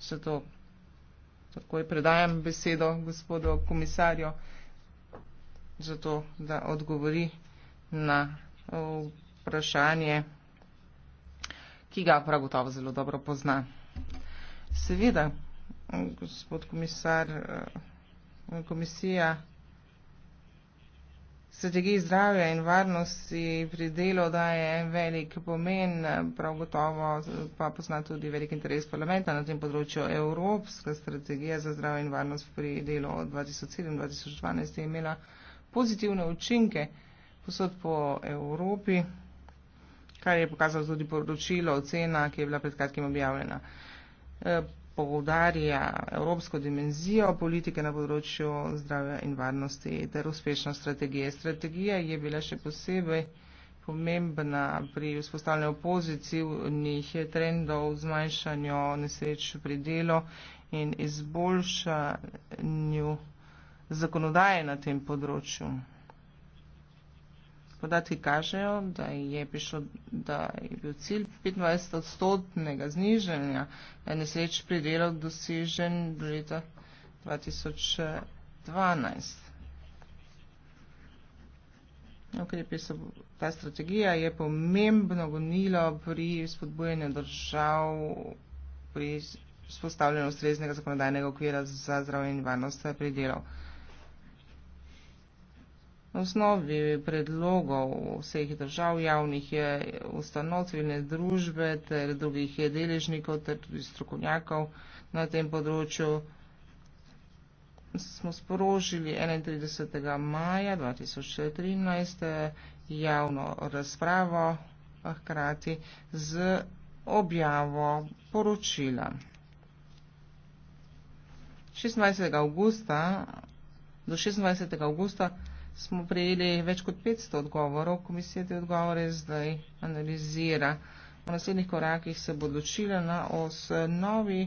še to takoj predajam besedo gospodu komisarju za to, da odgovori na vprašanje, ki ga prav gotovo zelo dobro pozna. Seveda, gospod komisar, eh, komisija, komisija, strategiji zdravja in varnosti pri delu daje velik pomen, prav gotovo pa pozna tudi velik interes parlamenta na tem področju. Evropska strategija za zdravje in varnost pri delu od 2007-2012 je imela pozitivne učinke posod po Evropi, kar je pokazalo tudi poročilo, ocena, ki je bila pred kratkim objavljena. Eh, poudarja evropsko dimenzijo politike na področju zdravja in varnosti ter uspešno strategije. Strategija je bila še posebej pomembna pri vzpostavljanju pozitivnih trendov, zmanjšanju nesreč pri delu in izboljšanju zakonodaje na tem področju podatki kažejo, da je, prišlo, da je bil cilj 25 odstotnega znižanja nesreč pri delu dosežen do leta 2012. Ta strategija je pomembno gonila pri spodbojenju držav, pri spostavljanju ustreznega zakonodajnega okvira za zdravje in varnost pri delu osnovi predlogov vseh držav javnih je eh, ustanov civilne družbe ter drugih deležnikov ter tudi strokovnjakov na tem področju smo sporožili 31. maja 2013 eh, javno razpravo hkrati z objavo poročila. 16. augusta do 26. augusta smo prejeli več kot 500 odgovorov, komisija te odgovore zdaj analizira. V naslednjih korakih se bo odločila na osnovi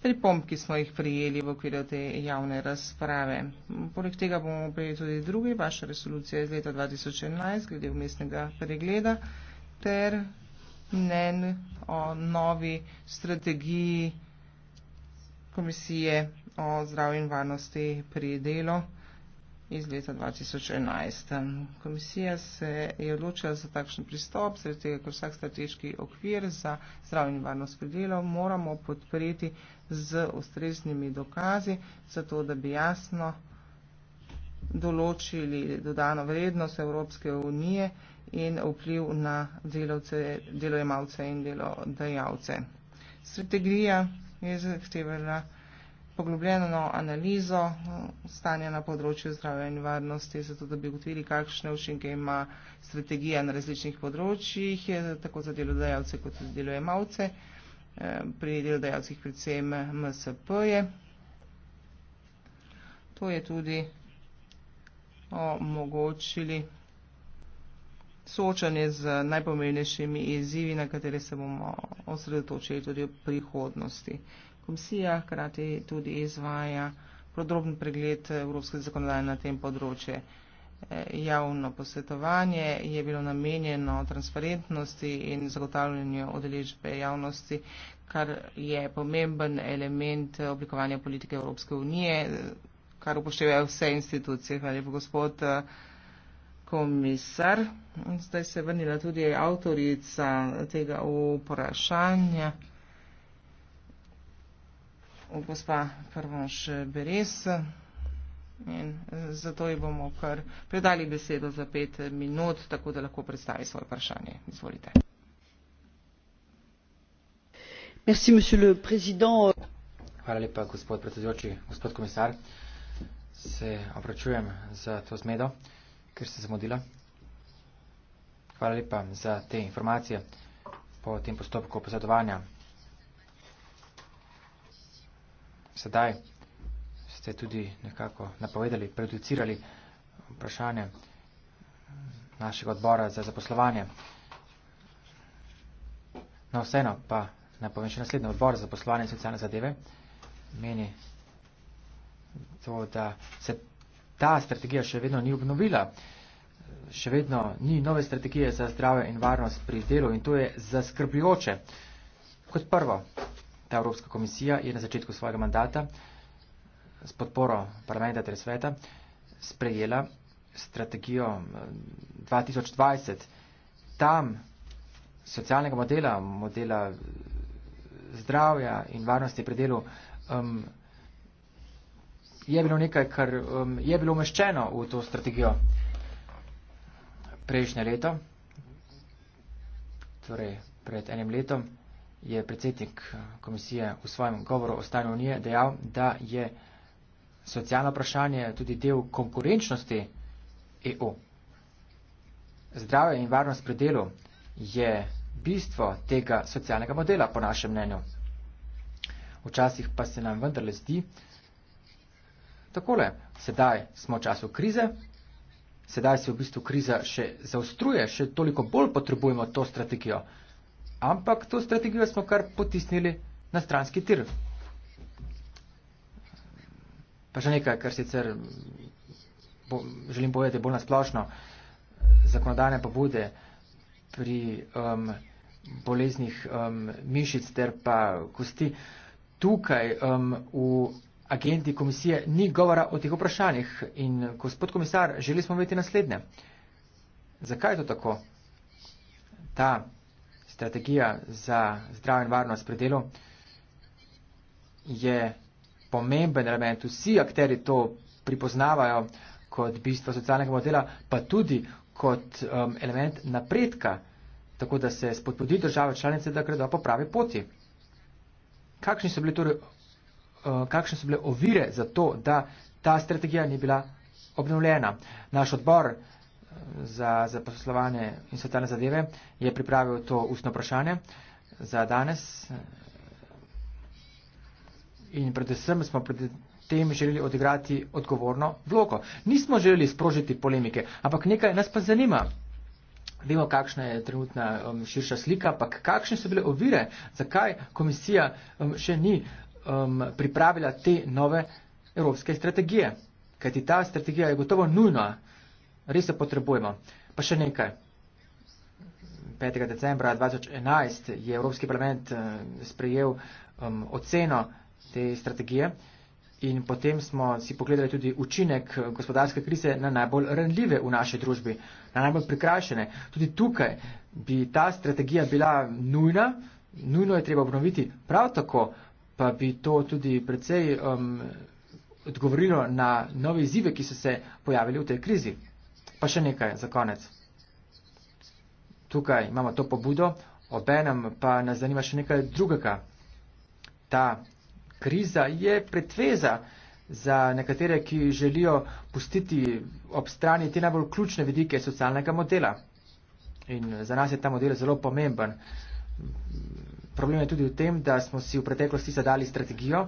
pripomb, ki smo jih prijeli v okviru te javne razprave. Poleg tega bomo prejeli tudi drugi, vaša resolucija iz leta 2011, glede umestnega pregleda, ter mnen o novi strategiji komisije o zdravju in varnosti pri delu iz leta 2011. Komisija se je odločila za takšen pristop, zaradi tega, ker vsak strateški okvir za zdravje in varnost pri delu moramo podpreti z ustreznimi dokazi, zato da bi jasno določili dodano vrednost Evropske unije in vpliv na delovce, delojemalce in delodajalce. Strategija je zahtevala poglobljeno no, analizo eh, stanja na področju zdravja in varnosti, zato da bi ugotovili, kakšne učinke ima strategija na različnih področjih, eh, tako za delodajalce kot za delojemalce, eh, pri delodajalcih predvsem MSP-je. To je tudi omogočili soočanje z najpomembnejšimi izzivi, na katere se bomo osredotočili tudi v prihodnosti komisija hkrati tudi izvaja podroben pregled evropske zakonodaje na tem področju. E, javno posvetovanje je bilo namenjeno transparentnosti in zagotavljanju odeležbe javnosti, kar je pomemben element oblikovanja politike Evropske unije, kar upoštevajo vse institucije. Hvala lepo, gospod e, komisar. Zdaj se je vrnila tudi avtorica tega vprašanja gospa Prvonš Beres. In zato ji bomo kar predali besedo za pet minut, tako da lahko predstavi svoje vprašanje. Izvolite. Merci, Hvala lepa, gospod predsedujoči, gospod komisar. Se opračujem za to zmedo, ker se zamudila. Hvala lepa za te informacije po tem postopku posredovanja sedaj ste tudi nekako napovedali, producirali vprašanje našega odbora za zaposlovanje. No, vseeno pa napovem še naslednji odbor za zaposlovanje in socialne zadeve. Meni to, da se ta strategija še vedno ni obnovila, še vedno ni nove strategije za zdrave in varnost pri delu in to je zaskrbljujoče. Kot prvo, Ta Evropska komisija je na začetku svojega mandata s podporo parlamenta ter sveta sprejela strategijo 2020. Eh, Tam socialnega modela, modela eh, zdravja in varnosti pri delu, um, je bilo nekaj, kar um, je bilo umeščeno v to strategijo prejšnje leto, torej pred enim letom je predsednik eh, komisije v svojem govoru o stanju unije dejal, da je socialno vprašanje tudi del konkurenčnosti EU. Zdravje in varnost pri delu je bistvo tega socialnega modela, po našem mnenju. Včasih pa se nam vendarle zdi takole. Sedaj smo v času krize, sedaj se v bistvu kriza še zaostruje, še toliko bolj potrebujemo to strategijo. Ampak to strategijo smo kar potisnili na stranski tir. Pa še nekaj, kar sicer bo, želim povedati bolj nasplošno, zakonodajne pobude pri um, boleznih um, mišic ter pa kosti. Tukaj um, v agendi komisije ni govora o teh vprašanjih in gospod komisar, želi smo vedeti naslednje. Zakaj je to tako? Ta strategija za zdrav in varnost pri delu je pomemben element. Vsi akteri to pripoznavajo kot bistvo socialnega modela, pa tudi kot um, element napredka, tako da se spodbudi države članice, da gredo po pravi poti. Kakšni so bili torej. Uh, kakšne so bile ovire za to, da ta strategija ni bila obnovljena? Naš odbor za zaposlovanje in svetovne zadeve je pripravil to ustno vprašanje za danes. In predvsem smo pred tem želeli odigrati odgovorno vlogo. Nismo želeli sprožiti polemike, ampak nekaj nas pa zanima. Vemo, kakšna je trenutna um, širša slika, ampak kakšne so bile ovire, zakaj komisija um, še ni um, pripravila te nove evropske strategije. Kajti ta strategija je gotovo nujna res se potrebujemo. Pa še nekaj. 5. decembra 2011 je Evropski parlament eh, sprejel um, oceno te strategije in potem smo si pogledali tudi učinek eh, gospodarske krize na najbolj renljive v naši družbi, na najbolj prikrajšene. Tudi tukaj bi ta strategija bila nujna, nujno je treba obnoviti, prav tako pa bi to tudi precej um, odgovorilo na nove izzive, ki so se pojavili v tej krizi. Pa še nekaj za konec. Tukaj imamo to pobudo, obenem pa nas zanima še nekaj drugega. Ta kriza je pretveza za nekatere, ki želijo pustiti ob strani te najbolj ključne vidike socialnega modela. In za nas je ta model zelo pomemben. Problem je tudi v tem, da smo si v preteklosti zadali strategijo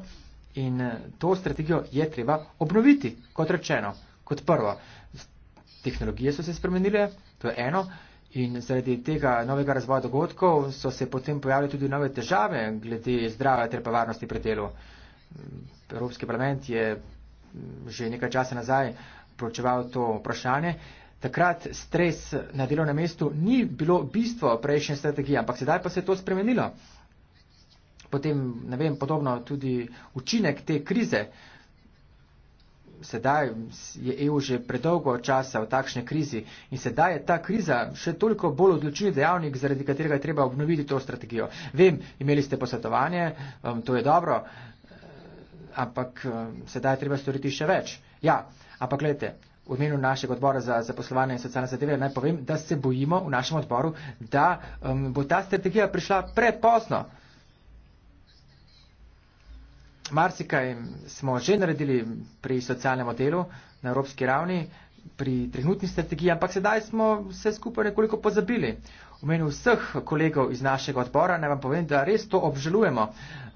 in to strategijo je treba obnoviti, kot rečeno, kot prvo tehnologije so se spremenile, to je eno, in zaradi tega novega razvoja dogodkov so se potem pojavile tudi nove težave glede zdravja ter pa varnosti pri delu. Evropski parlament je že nekaj časa nazaj pročeval to vprašanje. Takrat stres na delovnem mestu ni bilo bistvo prejšnje strategije, ampak sedaj pa se je to spremenilo. Potem, ne vem, podobno tudi učinek te krize, sedaj je EU že predolgo časa v takšni krizi in sedaj je ta kriza še toliko bolj odločen dejavnik, zaradi katerega je treba obnoviti to strategijo. Vem, imeli ste posvetovanje, um, to je dobro, eh, ampak um, sedaj je treba storiti še več. Ja, ampak gledajte, v imenu našega odbora za zaposlovanje in socialne zadeve naj povem, da se bojimo v našem odboru, da um, bo ta strategija prišla prepozno marsikaj smo že naredili pri socialnem modelu na evropski ravni, pri trenutni strategiji, ampak sedaj smo vse skupaj nekoliko pozabili. V imenu vseh kolegov iz našega odbora naj vam povem, da res to obžalujemo.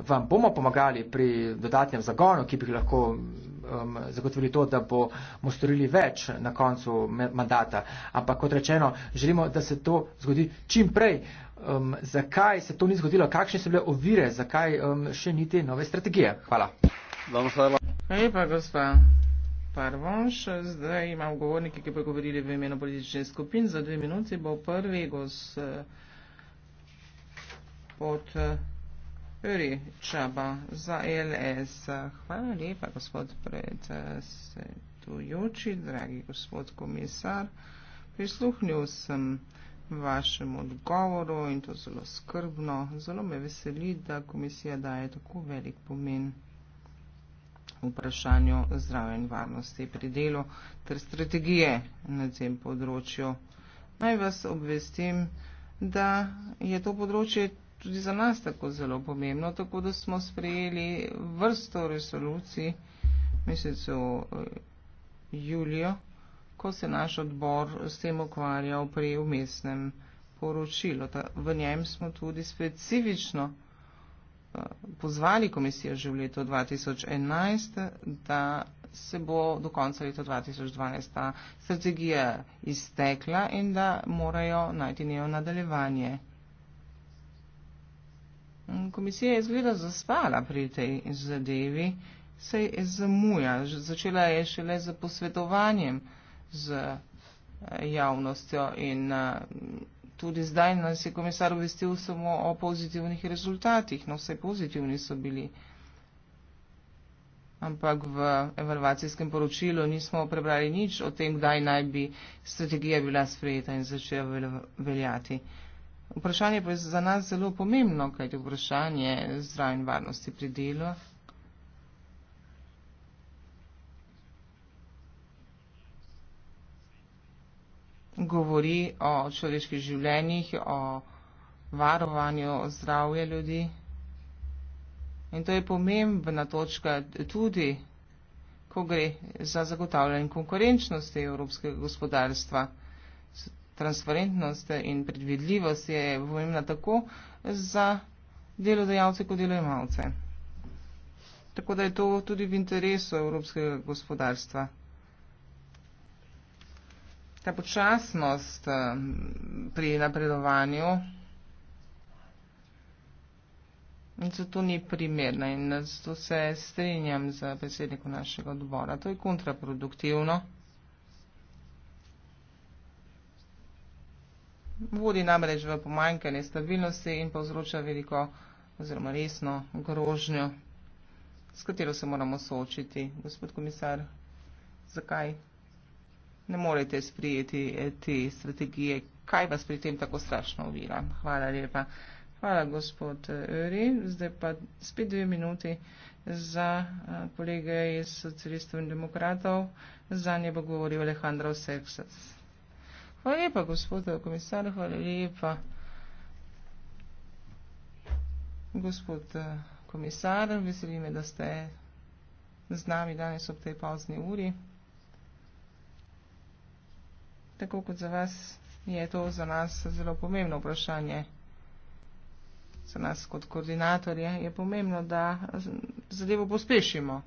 Vam bomo pomagali pri dodatnem zagonu, ki bi lahko um, zagotovili to, da bomo storili več na koncu mandata. Ampak kot rečeno, želimo, da se to zgodi čim prej. Uh, um, zakaj se to ni zgodilo, kakšne so bile ovire, zakaj um, še ni te nove strategije. Hvala. Hvala lepa, gospa Parvonš. Zdaj imam govornike, ki bo govorili v imenu politične skupin. Za dve minuti bo prvi gos eh, pod eh, Juri Čaba za e LS. Hvala lepa, gospod predsedujoči, dragi gospod komisar. Prisluhnil sem vašemu odgovoru in to zelo skrbno. Zelo me veseli, da komisija daje tako velik pomen vprašanju zdravja in varnosti pri delu ter strategije na tem področju. Naj vas obvestim, da je to področje tudi za nas tako zelo pomembno, tako da smo sprejeli vrsto resolucij v mesecu eh, julijo ko se naš odbor s tem ukvarjal pri umestnem poročilu. Ta, v njem smo tudi specifično eh, pozvali komisijo že v letu 2011, da se bo do konca leta 2012 ta strategija iztekla in da morajo najti njo nadaljevanje. Komisija je izgleda zaspala pri tej zadevi, se je zamuja, začela je šele z posvetovanjem z eh, javnostjo in eh, tudi zdaj nas je komisar obvestil samo o pozitivnih rezultatih. No, vse pozitivni so bili, ampak v evalvacijskem poročilu nismo prebrali nič o tem, kdaj naj bi strategija bila sprejeta in začela veljati. Vprašanje pa je za nas zelo pomembno, kajti vprašanje zdrav in varnosti pri delu. govori o človeških življenjih, o varovanju zdravja ljudi. In to je pomembna točka tudi, ko gre za zagotavljanje konkurenčnosti evropskega gospodarstva. Transparentnost in predvidljivost je pomembna tako za delodajalce kot delojemalce. Tako da je to tudi v interesu evropskega gospodarstva ta počasnost pri napredovanju zato ni primerna in zato se strinjam z besednikom našega odbora. To je kontraproduktivno. Vodi namreč v pomanjkanje stabilnosti in povzroča veliko oziroma resno grožnjo, s katero se moramo soočiti. Gospod komisar, zakaj? ne morete sprijeti eh, te strategije. Kaj vas pri tem tako strašno uvira? Hvala lepa. Hvala, gospod eh, Öri. Zdaj pa spet dve minuti za eh, kolege iz socialistov in demokratov. Za nje bo govoril Alejandro Seksas. Hvala lepa, gospod komisar. Hvala lepa, gospod komisar. Veselime, da ste z nami danes ob tej pozni uri tako kot za vas, je to za nas zelo pomembno vprašanje. Za nas kot koordinatorje je pomembno, da zadevo pospešimo.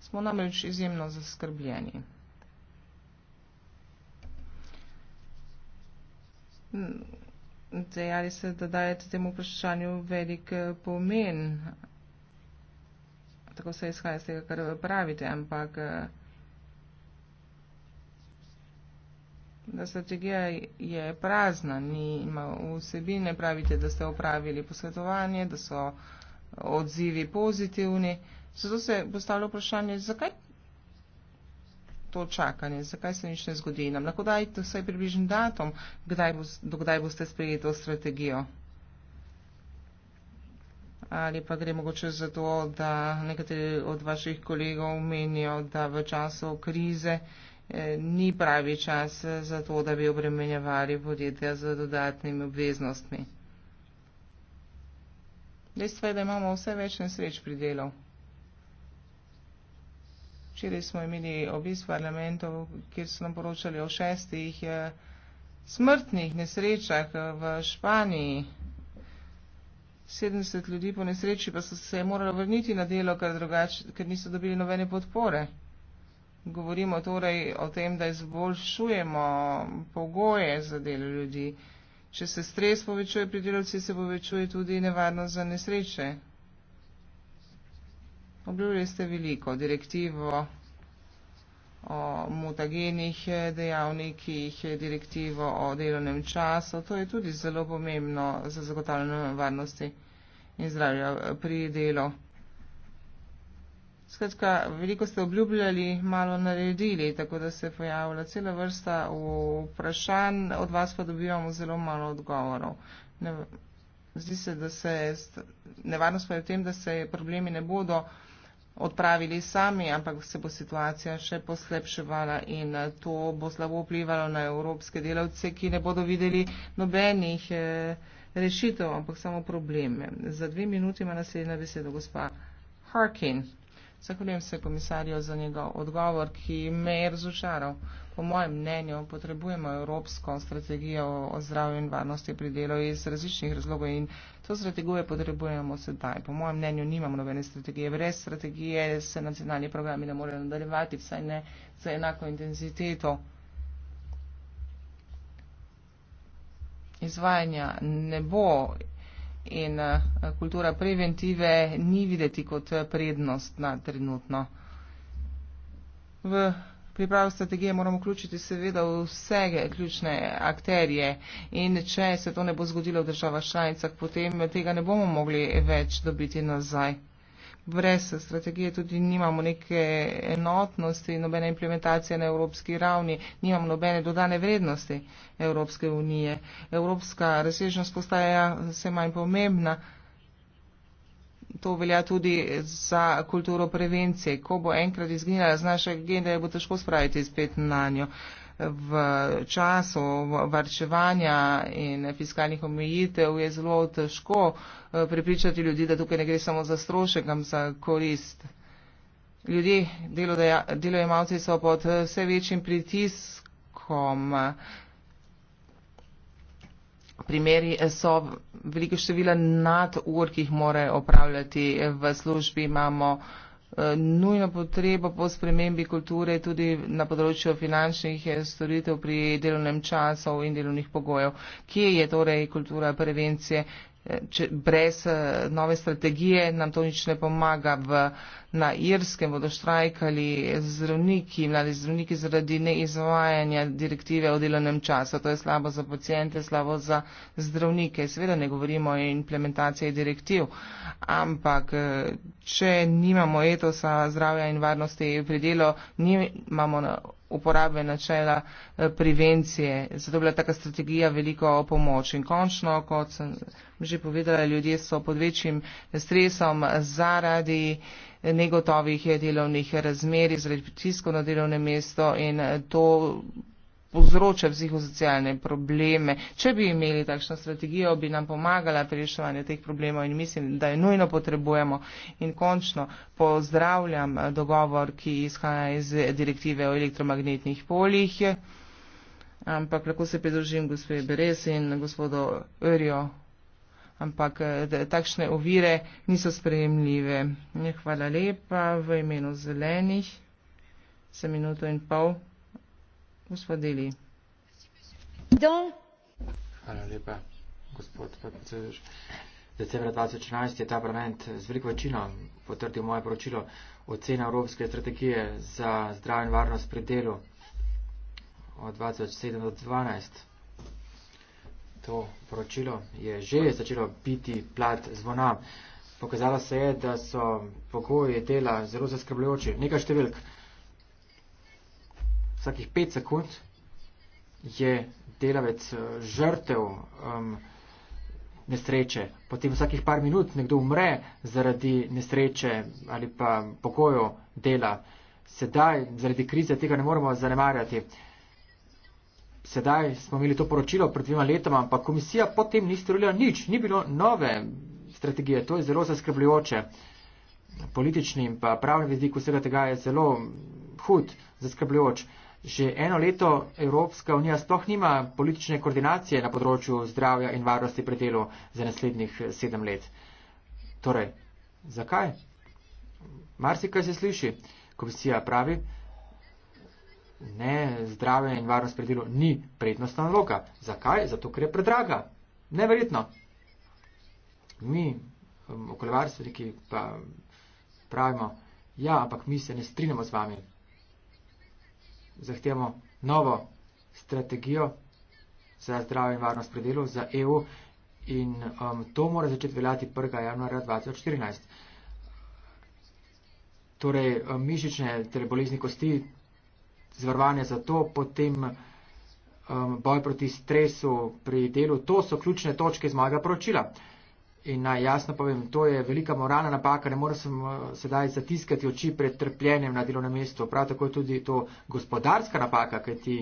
Smo namreč izjemno zaskrbljeni. Hm, dejali se, da dajete temu vprašanju velik eh, pomen. Tako se izhaja z tega, kar pravite, ampak. Eh, da strategija je prazna, ni ima vsebine, pravite, da ste opravili posvetovanje, da so odzivi pozitivni. Zato se postavlja vprašanje, zakaj to čakanje, zakaj se nič ne zgodi. Nam lahko dajte vsaj približen datum, kdaj bo, do kdaj boste sprejeli to strategijo. Ali pa gre mogoče za to, da nekateri od vaših kolegov menijo, da v času krize Eh, ni pravi čas za to, da bi obremenjevali podjetja z dodatnimi obveznostmi. Dejstvo je, da imamo vse več nesreč pri delu. Včeraj smo imeli obisk parlamentov, kjer so nam poročali o šestih eh, smrtnih nesrečah eh, v Španiji. 70 ljudi po nesreči pa so se morali vrniti na delo, ker, drugač, ker niso dobili nobene podpore. Govorimo torej o tem, da izboljšujemo pogoje za delo ljudi. Če se stres povečuje pri delavci, se povečuje tudi nevarnost za nesreče. Obljubili ste veliko direktivo o mutagenih dejavnikih, direktivo o delovnem času. To je tudi zelo pomembno za zagotavljanje varnosti in zdravja pri delu. Skratka, veliko ste obljubljali, malo naredili, tako da se je pojavila cela vrsta vprašanj, od vas pa dobivamo zelo malo odgovorov. Ne, zdi se, da se nevarnost pa je v tem, da se problemi ne bodo odpravili sami, ampak se bo situacija še poslepševala in to bo slabo vplivalo na evropske delavce, ki ne bodo videli nobenih eh, rešitev, ampak samo probleme. Za dve minuti ima naslednja beseda gospa Harkin. Zahvaljujem se komisarju za njegov odgovor, ki me je razočaral. Po mojem mnenju potrebujemo evropsko strategijo o zdravju in varnosti pri delu iz različnih razlogov in to strategijo potrebujemo sedaj. Po mojem mnenju nimamo nobene strategije. Brez strategije se nacionalni programi ne morejo nadaljevati, vsaj ne za enako intenziteto. Izvajanja ne bo in eh, kultura preventive ni videti kot eh, prednost na trenutno. V pripravo strategije moramo vključiti seveda vse ključne akterje in če se to ne bo zgodilo v državah članicah, potem tega ne bomo mogli več dobiti nazaj brez strategije tudi nimamo neke enotnosti, nobene implementacije na evropski ravni, nimamo nobene dodane vrednosti Evropske unije. Evropska razsežnost postaja vse manj pomembna. To velja tudi za kulturo prevencije. Ko bo enkrat izginjala z naše agende, bo težko spraviti spet na njo. Uh, v času varčevanja in fiskalnih omejitev je zelo težko eh, prepričati ljudi, da tukaj ne gre samo za strošek, ampak za korist. Ljudje, delojemalci so pod eh, vse večjim pritiskom. Primeri so veliko števila nad ur, ki jih morajo opravljati v službi. Imamo uh, Eh, Nujna potreba po spremembi kulture tudi na področju finančnih eh, storitev pri delovnem času in delovnih pogojev. Kje je torej kultura prevencije? Če brez eh, nove strategije nam to nič ne pomaga. V, na Irskem bodo štrajkali zdravniki, mladi zdravniki zaradi neizvajanja direktive o delovnem času. To je slabo za pacijente, slabo za zdravnike. Seveda ne govorimo o implementaciji direktiv, ampak eh, če nimamo etosa zdravja in varnosti pri delu, nimamo uporabe načela eh, prevencije. Zato je bila taka strategija veliko pomoč. In končno, kot sem že povedala, ljudje so pod večjim stresom zaradi negotovih delovnih razmer, zaradi pritiskov na delovne mesto in to povzroča psihosocialne probleme. Če bi imeli takšno strategijo, bi nam pomagala pri reševanju teh problemov in mislim, da je nujno potrebujemo. In končno pozdravljam eh, dogovor, ki izhaja iz eh, direktive o elektromagnetnih poljih, ampak lahko se pridružim gospe Beres in gospodo Örjo, ampak eh, takšne ovire niso sprejemljive. Hvala lepa v imenu zelenih. Se minuto in pol. Hvala lepa, gospod predsedujoč. Decembra 2014 je ta parlament z veliko večino potrdil moje poročilo ocena Evropske strategije za zdravje in varnost pri delu od 2007-2012. To poročilo je že začelo biti plat zvona. Pokazalo se je, da so pogoji dela zelo zaskrbljujoči. Nekaj številk vsakih pet sekund je delavec eh, žrtev um, nesreče, potem vsakih par minut nekdo umre zaradi nesreče ali pa pokojo dela. Sedaj, zaradi krize, tega ne moremo zanemarjati. Sedaj smo imeli to poročilo pred dvima letoma, ampak komisija potem ni storila nič, ni bilo nove strategije. To je zelo zaskrbljujoče. Politični in pa pravni vidik vsega tega je zelo hud, zaskrbljujoč. Že eno leto Evropska unija sploh nima politične koordinacije na področju zdravja in varnosti pri delu za naslednjih sedem let. Torej, zakaj? Marsikaj se sliši, komisija pravi, ne, zdravje in varnost pri delu ni prednostna naloga. Zakaj? Zato, ker je predraga. Neverjetno. Mi, okoljevarstveniki, pa pravimo, ja, ampak mi se ne strinjamo z vami, zahtevamo novo strategijo za zdravje in varnost pri delu za EU in um, to mora začeti veljati 1. januarja 2014. Torej, um, mišične torej bolezni kosti, zvrvanje za to, potem um, boj proti stresu pri delu, to so ključne točke zmaga poročila. In naj jasno povem, to je velika moralna napaka, ne morem sem eh, sedaj zatiskati oči pred trpljenjem na delovnem mestu. Prav tako je tudi to gospodarska napaka, ker ti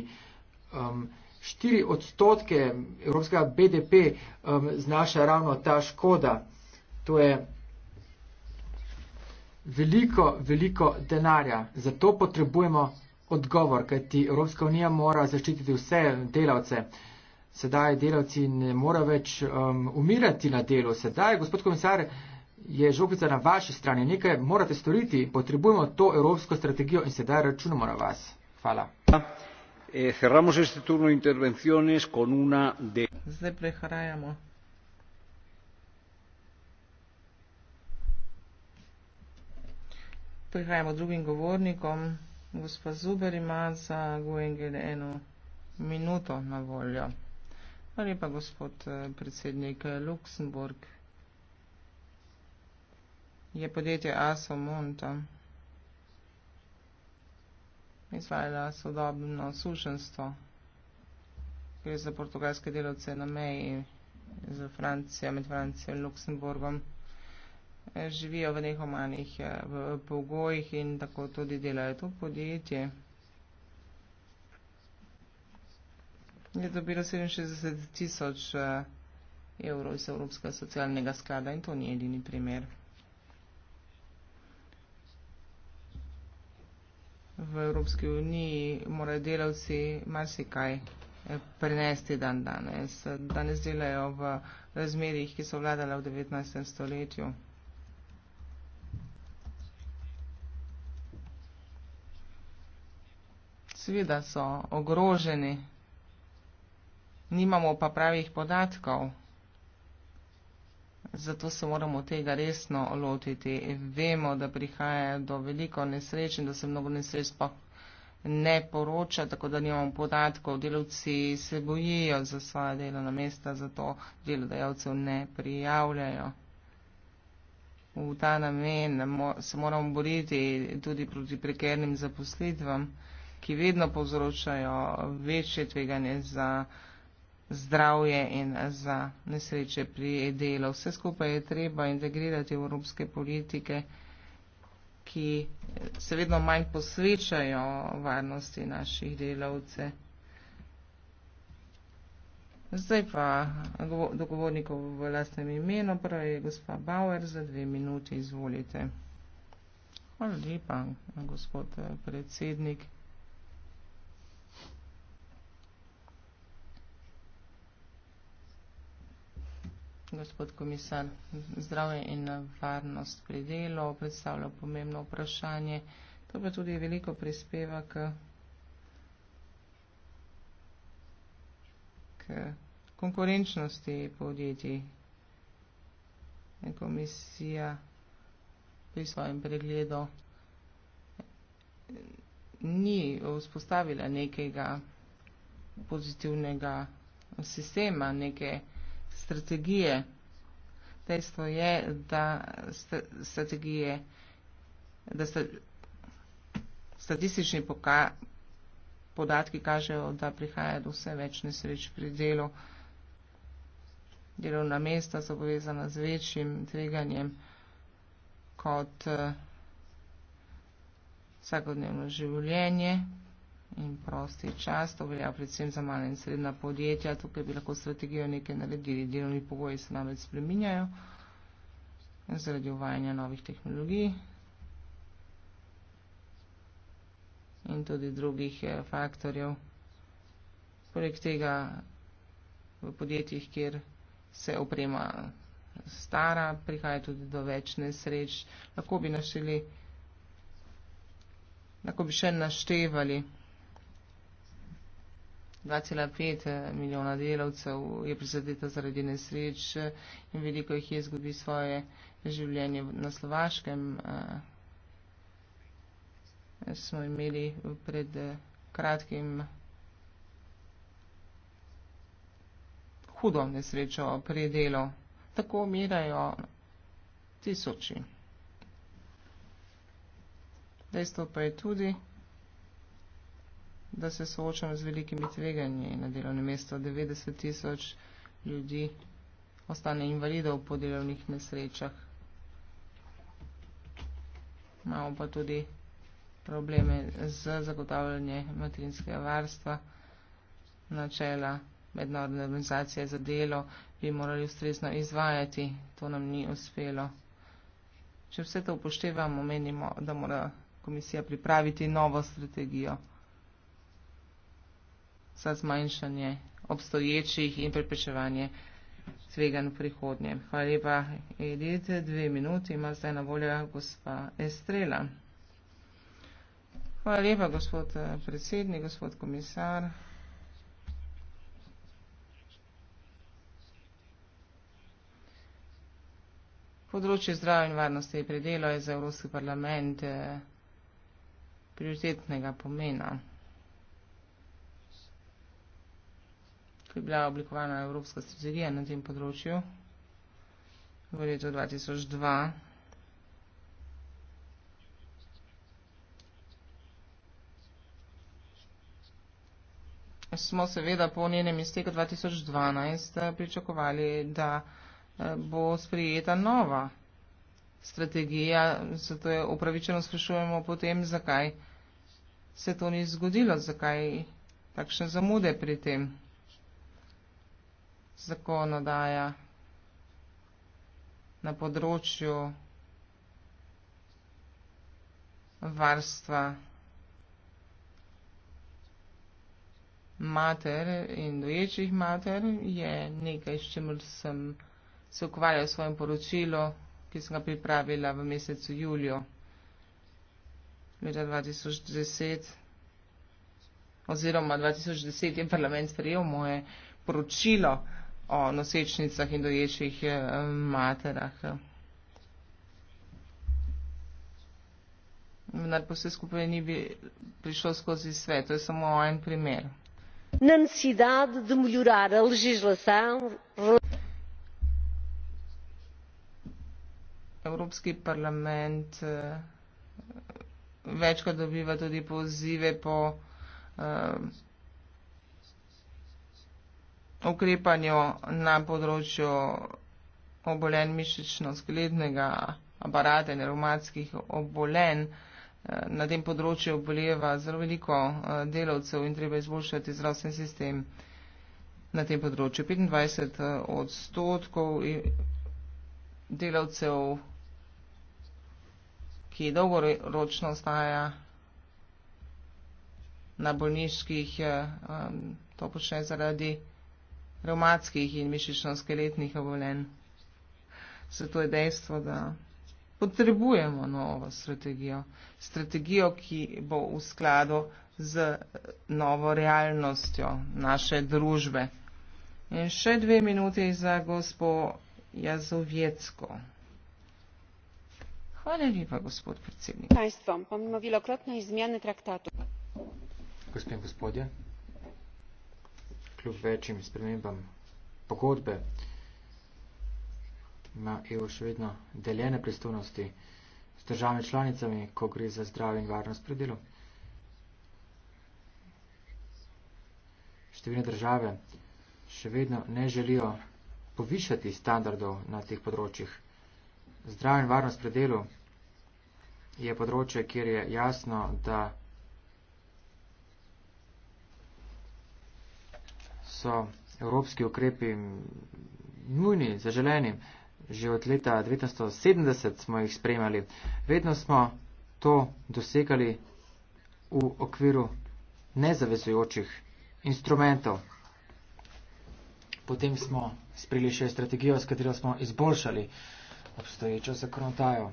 um, 4 odstotke evropskega BDP um, znaša ravno ta škoda. To je veliko, veliko denarja. Zato potrebujemo odgovor, ker ti Evropska unija mora zaščititi vse delavce sedaj delavci ne morejo več um, umirati na delu. Sedaj, gospod komisar, je žogica na vaši strani. Nekaj morate storiti. Potrebujemo to evropsko strategijo in sedaj računamo na vas. Hvala. Eh, Zdaj prehrajamo. Prihajamo drugim govornikom. Gospa Zuber ima za Guengel eno minuto na voljo. Hvala lepa, gospod eh, predsednik eh, Luksemburg. Je podjetje ASO Monta izvajala sodobno sušenstvo, gre za portugalske delovce na meji z Francijo, med Francijo in Luksemburgom. Eh, živijo v nehomanih pogojih in tako tudi delajo to podjetje. je dobila 67 tisoč eh, evrov iz Evropskega socialnega sklada in to ni edini primer. V Evropski uniji morajo delavci marsikaj eh, prenesti dan danes. Danes delajo v razmerih, ki so vladala v 19. stoletju. Seveda so ogroženi nimamo pa pravih podatkov. Zato se moramo tega resno lotiti. Vemo, da prihaja do veliko nesreč in da se mnogo nesreč sploh ne poroča, tako da nimamo podatkov. Delovci se bojijo za svoje delo na mesta, zato delodajalcev ne prijavljajo. V ta namen se moramo boriti tudi proti prekernim zaposlitvam, ki vedno povzročajo večje tveganje za delovce zdravje in za nesreče pri delu. Vse skupaj je treba integrirati v evropske politike, ki se vedno manj posvečajo varnosti naših delavce. Zdaj pa dogovornikov v lastnem imenu, prvo je gospa Bauer, za dve minuti izvolite. Hvala lepa, gospod predsednik. gospod komisar, zdravje in eh, varnost pri delu predstavlja pomembno vprašanje. To pa tudi veliko prispeva k, k konkurenčnosti podjetij. Komisija pri svojem pregledu eh, ni vzpostavila nekega pozitivnega sistema, nekega strategije. Dejstvo je, da sta, strategije, da sta, statistični poka, podatki kažejo, da prihaja do vse več nesreč pri delu. Delovna mesta so povezana z večjim tveganjem kot uh, vsakodnevno življenje, in prosti čas. To velja predvsem za male in srednja podjetja. Tukaj bi lahko strategijo nekaj naredili. Delovni pogoji se namreč spreminjajo zaradi uvajanja novih tehnologij in tudi drugih eh, faktorjev. Poleg tega v podjetjih, kjer se oprema stara, prihaja tudi do več nesreč. Lahko bi našeli, lahko bi še naštevali. 2,5 eh, milijona delavcev je prizadeta zaradi nesreč eh, in veliko jih je izgubi svoje življenje na Slovaškem. Eh, smo imeli pred kratkim hudo nesrečo pri delu. Tako umirajo tisoči. Dejstvo pa je tudi, da se soočamo z velikimi tveganji na delovnem mestu. 90 tisoč ljudi ostane invalidov po delovnih nesrečah. Imamo pa tudi probleme z zagotavljanje materinskega varstva, načela mednarodne organizacije za delo bi morali ustrezno izvajati, to nam ni uspelo. Če vse to upoštevamo, menimo, da mora komisija pripraviti novo strategijo za zmanjšanje obstoječih in preprečevanje tvegan v prihodnje. Hvala lepa, Edith. Dve minuti ima zdaj na voljo gospa Estrela. Hvala lepa, gospod eh, predsednik, gospod komisar. Področje zdravja in varnosti pri delu je za Evropski parlament eh, prioritetnega pomena. ko je bila oblikovana evropska strategija na tem področju v letu 2002. Smo seveda po njenem izteku 2012 pričakovali, da eh, bo sprijeta nova strategija, zato je upravičeno sprašujemo potem, zakaj se to ni zgodilo, zakaj takšne zamude pri tem zakonodaja na področju varstva mater in doječih mater je nekaj, s čemer sem se ukvarjal v svojem poročilu, ki sem ga pripravila v mesecu julijo leta 2010. Oziroma 2010 je parlament sprejel moje poročilo o nosečnicah in doječih eh, materah. Vendar pa vse skupaj ni bi prišlo skozi svet, to je samo en primer. Na necessidade de melhorar a legislação. Evropski parlament eh, večkrat dobiva tudi pozive po uh, ukrepanju na področju obolen mišično-zglednega aparata in revmatskih obolen. Eh, na tem področju obboleva zelo veliko eh, delavcev in treba izboljšati zdravstven sistem na tem področju. 25 eh, odstotkov delavcev, ki dolgoročno ostaja na bolniških, to počne zaradi revmatskih in mišično-skeletnih obolenj. Zato je dejstvo, da potrebujemo novo strategijo. Strategijo, ki bo v skladu z novo realnostjo naše družbe. In še dve minuti za gospo Jazovjecko. Hvala lepa, gospod predsednik. Najstvom, pa bomo vilokrotne izmjene traktatu. Gospod in gospodje kljub večjim spremembam pogodbe, ima EU še vedno deljene pristojnosti s državami članicami, ko gre za zdravje in varnost pri delu. Številne države še vedno ne želijo povišati standardov na teh področjih. Zdravje in varnost pri delu je področje, kjer je jasno, da. so evropski okrepi nujni, zaželeni. Že od leta 1970 smo jih spremljali. Vedno smo to dosegali v okviru nezavezujočih instrumentov. Potem smo sprejeli še strategijo, s katero smo izboljšali obstoječo zakonodajo.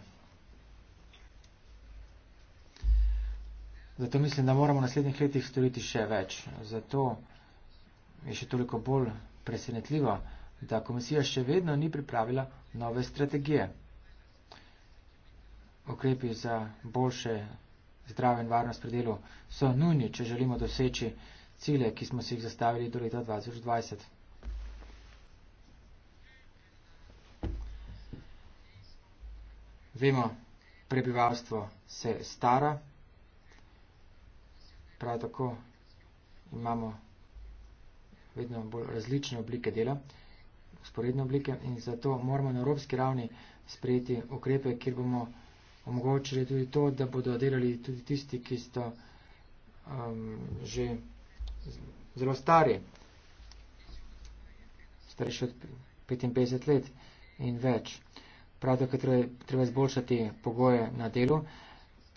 Zato mislim, da moramo v naslednjih letih storiti še več. Zato je še toliko bolj presenetljivo, da komisija še vedno ni pripravila nove strategije. Okrepi za boljše zdrave in varnost pri delu so nujni, če želimo doseči cilje, ki smo si jih zastavili do leta 2020. Vemo, prebivalstvo se stara, prav tako imamo vedno bolj različne oblike dela, sporedne oblike in zato moramo na evropski ravni sprejeti ukrepe, kjer bomo omogočili tudi to, da bodo delali tudi tisti, ki so um, že zelo stari, starejši od 55 let in več. Prav tako je treba izboljšati pogoje na delu,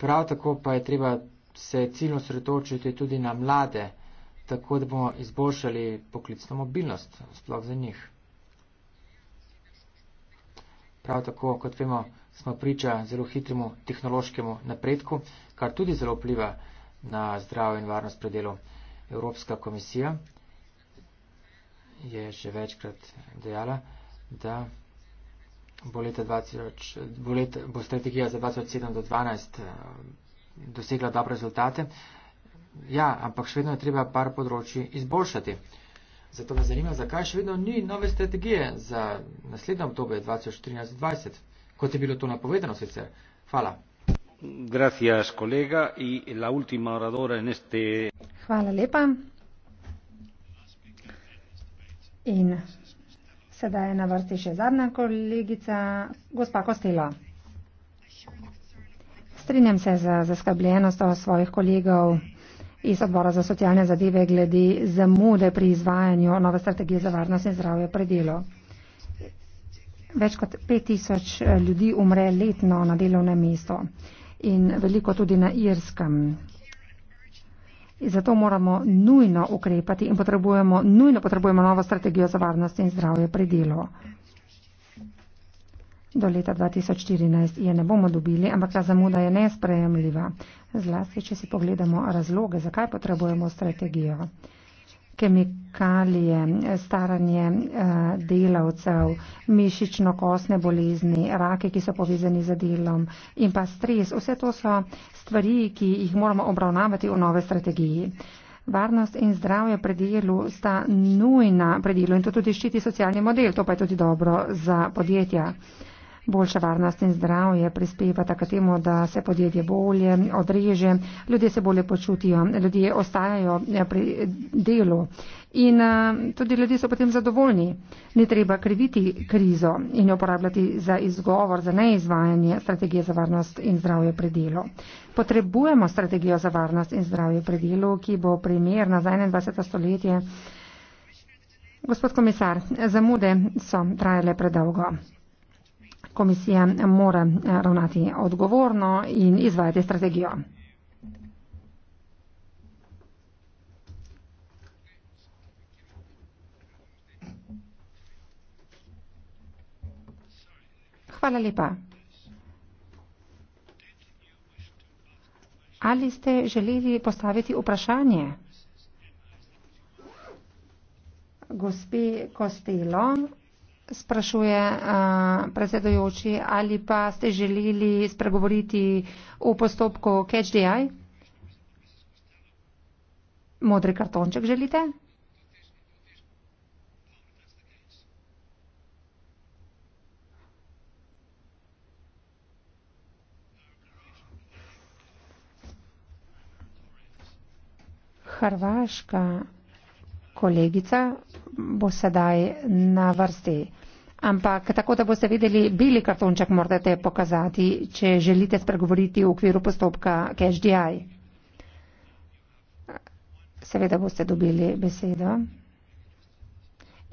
prav tako pa je treba se ciljno sredočiti tudi na mlade tako da bomo izboljšali poklicno mobilnost, sploh za njih. Prav tako, kot vemo, smo priča zelo hitremu tehnološkemu napredku, kar tudi zelo vpliva na zdravje in varnost predelu. Evropska komisija je že večkrat dejala, da bo, 2000, bo, let, bo strategija za 2007-2012 eh, dosegla dobre rezultate, Ja, ampak še vedno je treba par področji izboljšati. Zato me zanima, zakaj še vedno ni nove strategije za naslednjo obdobje 2014-2020, kot je bilo to napovedano sicer. Hvala. Gracias, kolega. I la última oradora en este... Hvala lepa. In sedaj je na vrsti še zadnja kolegica, gospa Kostela. Strinjam se za zaskrbljenost svojih kolegov iz odbora za socialne zadeve glede zamude pri izvajanju nove strategije za varnost in zdravje pri delu. Več kot 5000 eh, ljudi umre letno na delovnem mestu in veliko tudi na Irskem. Zato moramo nujno ukrepati in potrebujemo, nujno potrebujemo novo strategijo za varnost in zdravje pri delu. Do leta 2014 je ne bomo dobili, ampak ta zamuda je nesprejemljiva. Zlasti, če si pogledamo razloge, zakaj potrebujemo strategijo. Kemikalije, staranje eh, delavcev, mišično-kosne bolezni, rake, ki so povezani z delom in pa stres. Vse to so stvari, ki jih moramo obravnavati v nove strategiji. Varnost in zdravje pri delu sta nujna pri delu in to tudi ščiti socialni model, to pa je tudi dobro za podjetja boljša varnost in zdravje prispevata k temu, da se podjetje bolje odreže, ljudje se bolje počutijo, ljudje ostajajo pri delu in eh, tudi ljudje so potem zadovoljni. Ni treba kriviti krizo in jo uporabljati za izgovor, za neizvajanje strategije za varnost in zdravje pri delu. Potrebujemo strategijo za varnost in zdravje pri delu, ki bo primerna za 21. stoletje. Gospod komisar, zamude so trajale predolgo komisija mora eh, ravnati odgovorno in izvajati strategijo. Hvala lepa. Ali ste želeli postaviti vprašanje? Gospe Kostelo sprašuje uh, predsedujoči, ali pa ste želeli spregovoriti v postopku CHDI? Modri kartonček želite? Hrvaška kolegica bo sedaj na vrsti. Ampak tako, da boste videli bili kartonček, morate pokazati, če želite spregovoriti v okviru postopka CashDI. Seveda boste dobili besedo.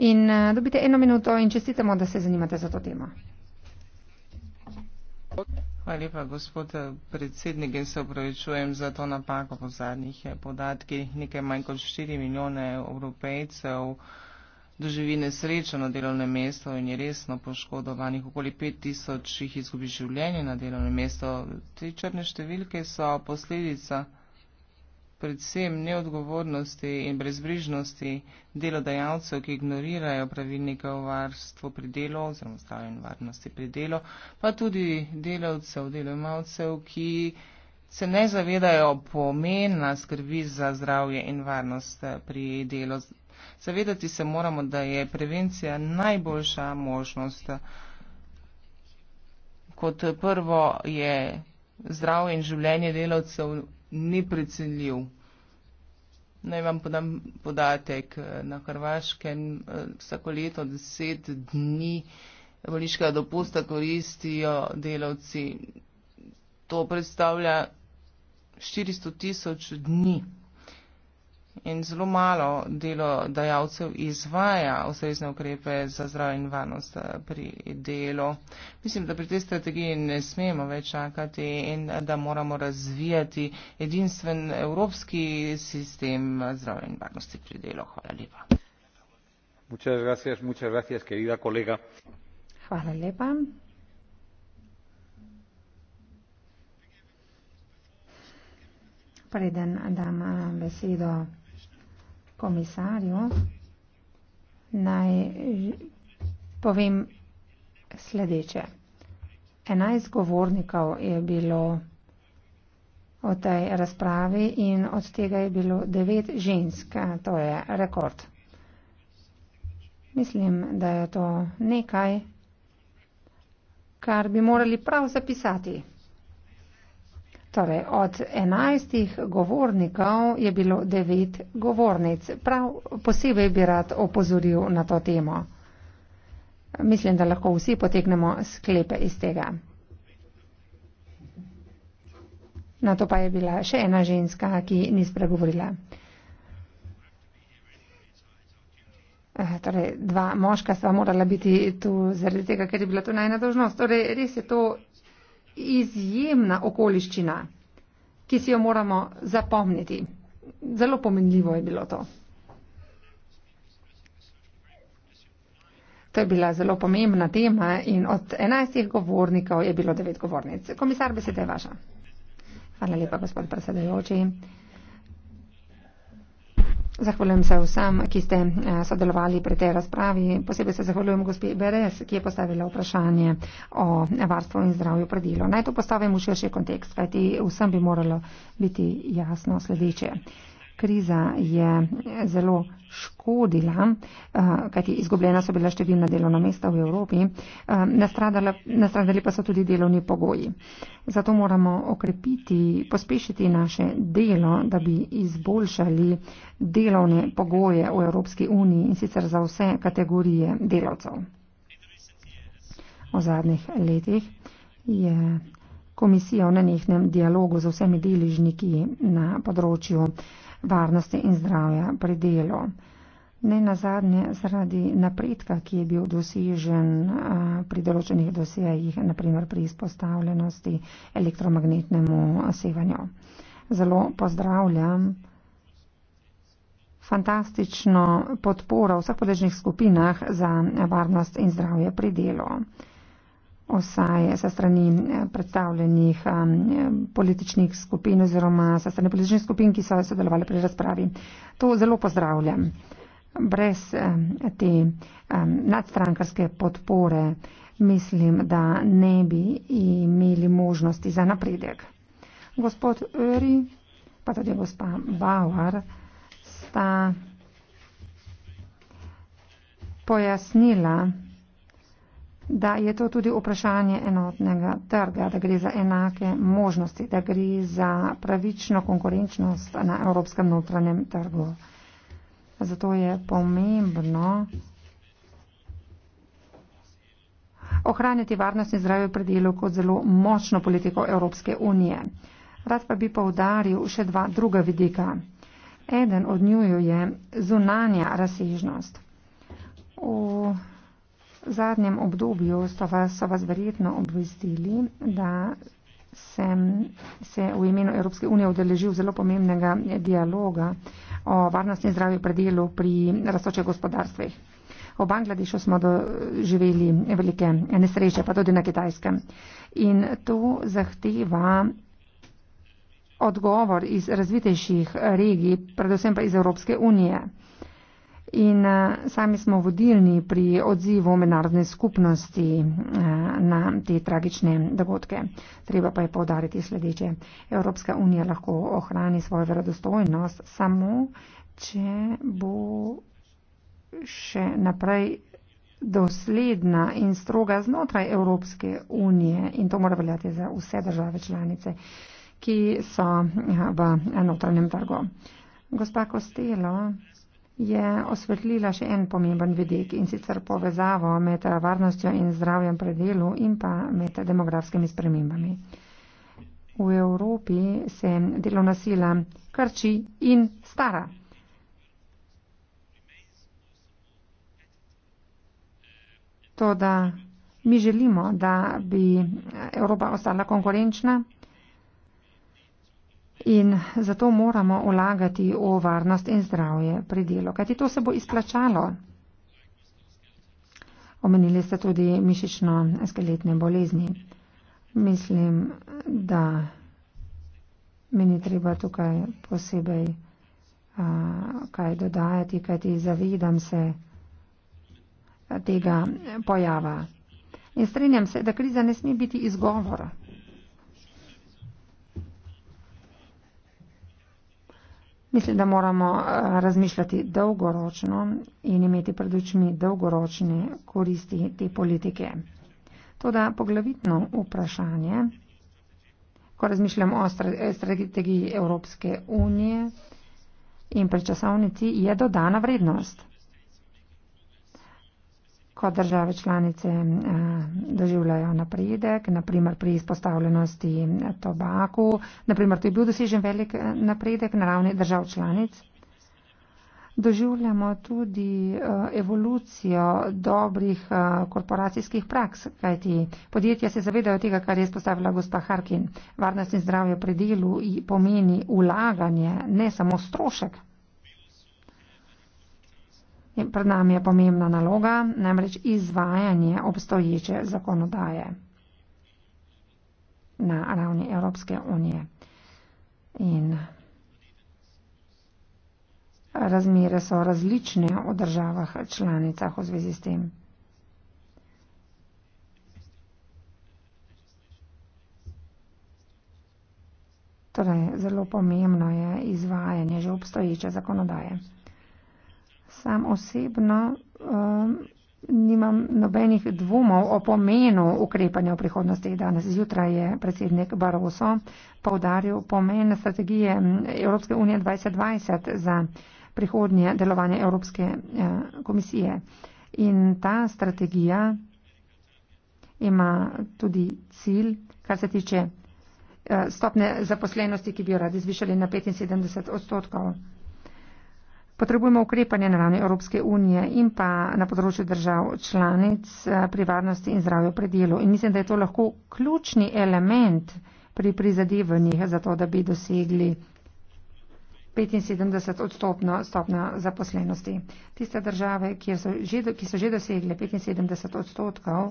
In eh, dobite eno minuto in čestitamo, da se zanimate za to temo. Hvala lepa, gospod eh, predsednik, in se upravičujem za to napako po zadnjih eh, podatkih. Nekaj manj kot 4 milijone evropejcev doživi nesrečo na delovnem mestu in je resno poškodovanih. Okoli 5000 jih izgubi življenje na delovnem mestu. Te črne številke so posledica predvsem neodgovornosti in brezbrižnosti delodajalcev, ki ignorirajo pravilnike o varstvu pri delu oziroma zdravju in varnosti pri delu, pa tudi delavcev, delojemalcev, ki se ne zavedajo pomena skrbi za zdravje in varnost eh, pri delu. Zavedati se moramo, da je prevencija najboljša možnost. Kot prvo je zdravje in življenje delavcev neprecenljiv. Naj vam podam podatek. Eh, na Hrvaškem eh, vsako leto deset dni bolniškega dopusta koristijo delavci. To predstavlja 400 tisoč dni in zelo malo delodajalcev izvaja ustrezne ukrepe za zdravje in varnost eh, pri delu. Mislim, da pri tej strategiji ne smemo več čakati in eh, da moramo razvijati edinstven evropski sistem eh, zdravja in varnosti pri delu. Hvala lepa. Muchas gracias, muchas gracias, querida colega. Hvala lepa. Preden dam besedo komisarju, naj povem sledeče. 11 govornikov je bilo v tej razpravi in od tega je bilo 9 žensk. To je rekord. Mislim, da je to nekaj, kar bi morali prav zapisati. Torej, od enajstih govornikov je bilo devet govornic. Prav posebej bi rad opozoril na to temo. Mislim, da lahko vsi potegnemo sklepe iz tega. Na to pa je bila še ena ženska, ki ni spregovorila. Eh, torej, dva moška sta morala biti tu zaradi tega, ker je bila to najna dožnost. Torej, res je to izjemna okoliščina, ki si jo moramo zapomniti. Zelo pomenljivo je bilo to. To je bila zelo pomembna tema in od 11 govornikov je bilo 9 govornic. Komisar, beseda je vaša. Hvala lepa, gospod predsedajoči. Zahvaljujem se vsem, ki ste eh, sodelovali pri tej razpravi. Posebej se zahvaljujem gospi Beres, ki je postavila vprašanje o varstvu in zdravju pri delu. Naj to postavim v širši kontekst, kajti vsem bi moralo biti jasno sledeče kriza je zelo škodila, eh, kajti izgubljena so bila številna delovna mesta v Evropi, eh, nastradali pa so tudi delovni pogoji. Zato moramo okrepiti, pospešiti naše delo, da bi izboljšali delovne pogoje v Evropski uniji in sicer za vse kategorije delavcev. O zadnjih letih je komisija v nenehnem dialogu z vsemi deležniki na področju varnosti in zdravja pri delu. Ne nazadnje zaradi napredka, ki je bil dosežen pri določenih dosejih, naprimer pri izpostavljenosti elektromagnetnemu sevanju. Zelo pozdravljam fantastično podporo v vseh podežnih skupinah za varnost in zdravje pri delu vsaj sa strani eh, predstavljenih um, političnih skupin oziroma sa strani političnih skupin, ki so sodelovali pri razpravi. To zelo pozdravljam. Brez um, te um, nadstrankarske podpore mislim, da ne bi imeli možnosti za napredek. Gospod Öri, pa tudi gospa Bauer, sta pojasnila, da je to tudi vprašanje enotnega trga, da gre za enake možnosti, da gre za pravično konkurenčnost na evropskem notranjem trgu. Zato je pomembno ohranjati varnost in zdravje pri delu kot zelo močno politiko Evropske unije. Rad pa bi povdaril še dva druga vidika. Eden od njuju je zunanja razsežnost. V zadnjem obdobju so vas, so vas verjetno obvestili, da sem se v imenu Evropske unije udeležil zelo pomembnega dialoga o varnostnem zdravju predelu pri rastočih gospodarstvih. V Bangladešu smo doživeli velike nesreče, pa tudi na Kitajskem. In to zahteva odgovor iz razvitejših regij, predvsem pa iz Evropske unije. Uh, In eh, sami smo vodilni pri odzivu mednarodne skupnosti eh, na te tragične dogodke. Treba pa je povdariti sledeče. Evropska unija lahko ohrani svojo verodostojnost samo, če bo še naprej dosledna in stroga znotraj Evropske unije in to mora veljati za vse države članice, ki so eh, v notranjem trgu. Gospa Kostelo, je osvetlila še en pomemben vedik in sicer povezavo med varnostjo in zdravjem predelu in pa med demografskimi spremembami. V Evropi se delovna sila krči in stara. To, da mi želimo, da bi Evropa ostala konkurenčna. In zato moramo vlagati v varnost in zdravje pri delu, kajti to se bo izplačalo. Omenili ste tudi mišično-skeletne bolezni. Mislim, da mi ni treba tukaj posebej a, kaj dodajati, kajti zavedam se tega pojava. In strinjam se, da kriza ne sme biti izgovor. Mislim, da moramo eh, razmišljati dolgoročno in imeti pred očmi dolgoročne koristi te politike. Toda poglavitno vprašanje, ko razmišljam o strategiji Evropske unije in pri časovnici, je dodana vrednost ko države članice eh, doživljajo napredek, naprimer pri izpostavljenosti eh, tobaku, naprimer tu je bil dosežen velik eh, napredek na ravni držav članic. Doživljamo tudi evolucijo dobrih korporacijskih praks, kajti podjetja se zavedajo tega, kar je izpostavila gospa Harkin. Varnost in zdravje pri delu pomeni ulaganje, ne samo strošek, Pred nami je pomembna naloga, namreč izvajanje obstoječe zakonodaje na ravni Evropske unije. In razmere so različne v državah članicah v zvezi s tem. Torej, zelo pomembno je izvajanje že obstoječe zakonodaje sam osebno um, nimam nobenih dvomov o pomenu ukrepanja v prihodnosti. Danes zjutraj je predsednik Barroso povdaril pomen strategije um, Evropske unije 2020 za prihodnje delovanje Evropske uh, komisije. In ta strategija ima tudi cilj, kar se tiče uh, stopne zaposlenosti, ki bi jo radi zvišali na 75 odstotkov. Potrebujemo ukrepanje na ravni Evropske unije in pa na področju držav članic eh, pri varnosti in zdravju pri delu. In mislim, da je to lahko ključni element pri prizadevanjih za to, da bi dosegli 75 odstotno stopnjo zaposlenosti. Tiste države, ki so že, ki so že dosegli 75 odstotkov,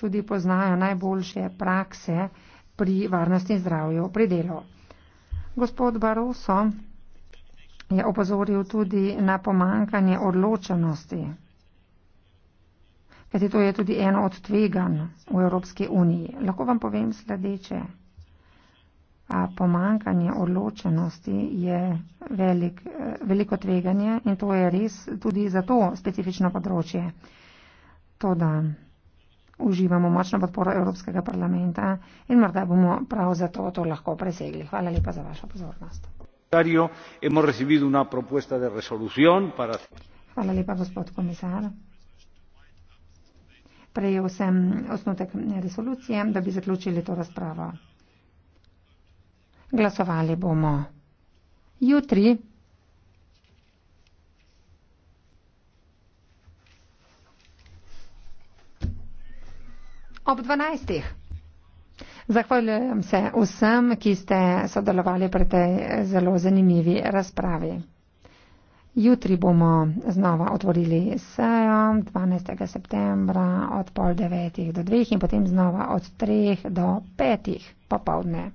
tudi poznajo najboljše prakse pri varnosti in zdravju pri delu. Gospod Baroso, je opozoril tudi na pomankanje odločenosti, kajti to je tudi eno od tvegan v Evropski uniji. Lahko vam povem sledeče. Pomankanje odločenosti je velik, veliko tveganje in to je res tudi za to specifično področje. To, da uživamo močno podporo Evropskega parlamenta in morda bomo prav zato to lahko presegli. Hvala lepa za vašo pozornost comisario hemos recibido una propuesta de resolución para Hvala lepa, gospod komisar. Prejel sem osnutek resolucije, da bi zaključili to razpravo. Glasovali bomo jutri. Ob 12. Zahvaljujem se vsem, ki ste sodelovali pri tej zelo zanimivi razpravi. Jutri bomo znova otvorili sejo 12. septembra od pol devetih do dveh in potem znova od treh do petih popovdne.